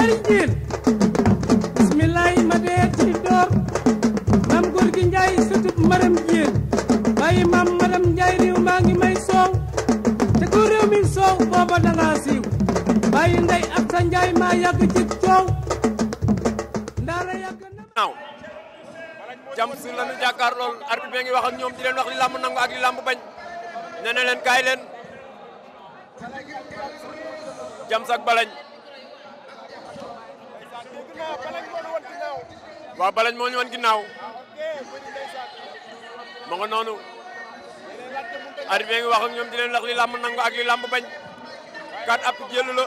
alal jiin bismillaay ma dee ci door maam góor njaay sëtub maram jiin bàyyi maam maram njaay réew maa ngi may soow te ko réew soow booba danga siiw bàyyi ndey ak sa njaay maa yàgg ci coow ndaara yàgg na jam sur nu jàkkaar lool arbitre bi ngi wax ak ñoom di leen wax li nangu ak li bañ nee kaay leen jam sak balañ wa balañ mo ñu won ginnaw mo nga nonu arrivé nga wax ak ñom di leen lakh li lamb nang ak li lamb bañ kat ap jëlu la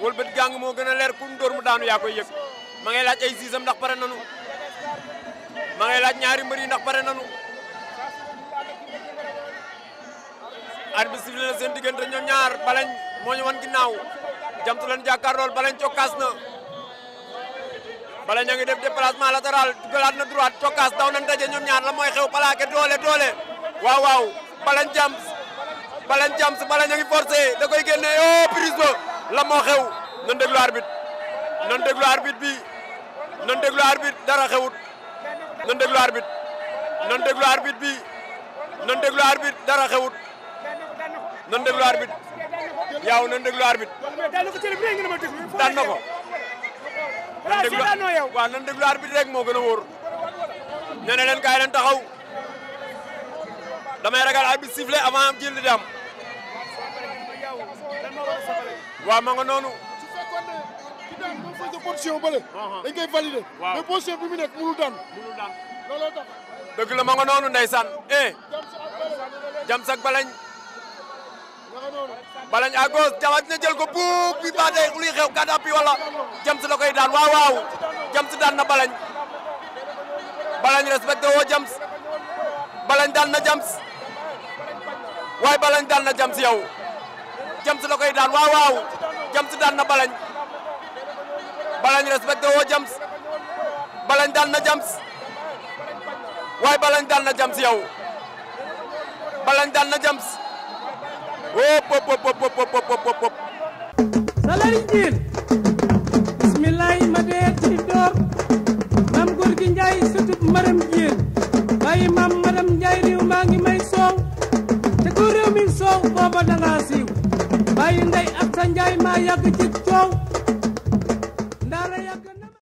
wëlbët gàng moo gën a leer ku ndor mu daanu ya koy yëk ma ngay laaj ay siisam ndax paré nanu ma ngay laaj ñaari mbëri ndax paré nanu arbi sifflé na seen diggante ñoom ñaar balañ mo ñu won ginnaw jamtu leen jàkkaarlool balañ cokkaas na bala ñoo ngi def déplacement latéral dugalaat na droite tokkaas daw nañ daje ñoom ñaar la mooy xew plaqué doole doole waaw waaw balañ jams balañ jams bala ñoo ngi forcé da koy génne oh prise ba la moo xew nan déglu arbit nan déglu arbitre bi nan déglu arbitre dara xewut nan déglu arbitre nan déglu arbitre bi nan déglu arbitre dara xewut nan déglu arbitre yaaw nan déglu arbitre daan na ko nan déglu waaw nan déglu arbitre rek moo gën a wóor nee na leen taxaw damay ragal arbitre sifflé avant am am waaw ma nga noonu position bële uh-huh. dañ koy valider mais position bi mu nekk mënul daan looloo tax dëgg la ma nga noonu ndeysaan eh. jam sak balañ à gauche jawaat na jël ko buub bi baatee luy xew gàddaa bi wala James koy daan waaw waaw James daan na balañ balañ respecté woo James balañ daan na James waaye balañ daan na James yow James da koy daan na balañ balañ respecté woo James balañ daan na James waaye balañ daan na James yow balañ daan na James hop hop hop hop hop hop salari ma dee ci door maam góor gi njaay sutub maram jiin bàyyi maam maram njaay réew maa ngi may soow te ko réew mi soow booba dangaa siiw bàyyi ndey ak sa njaay maa yàgg ci coow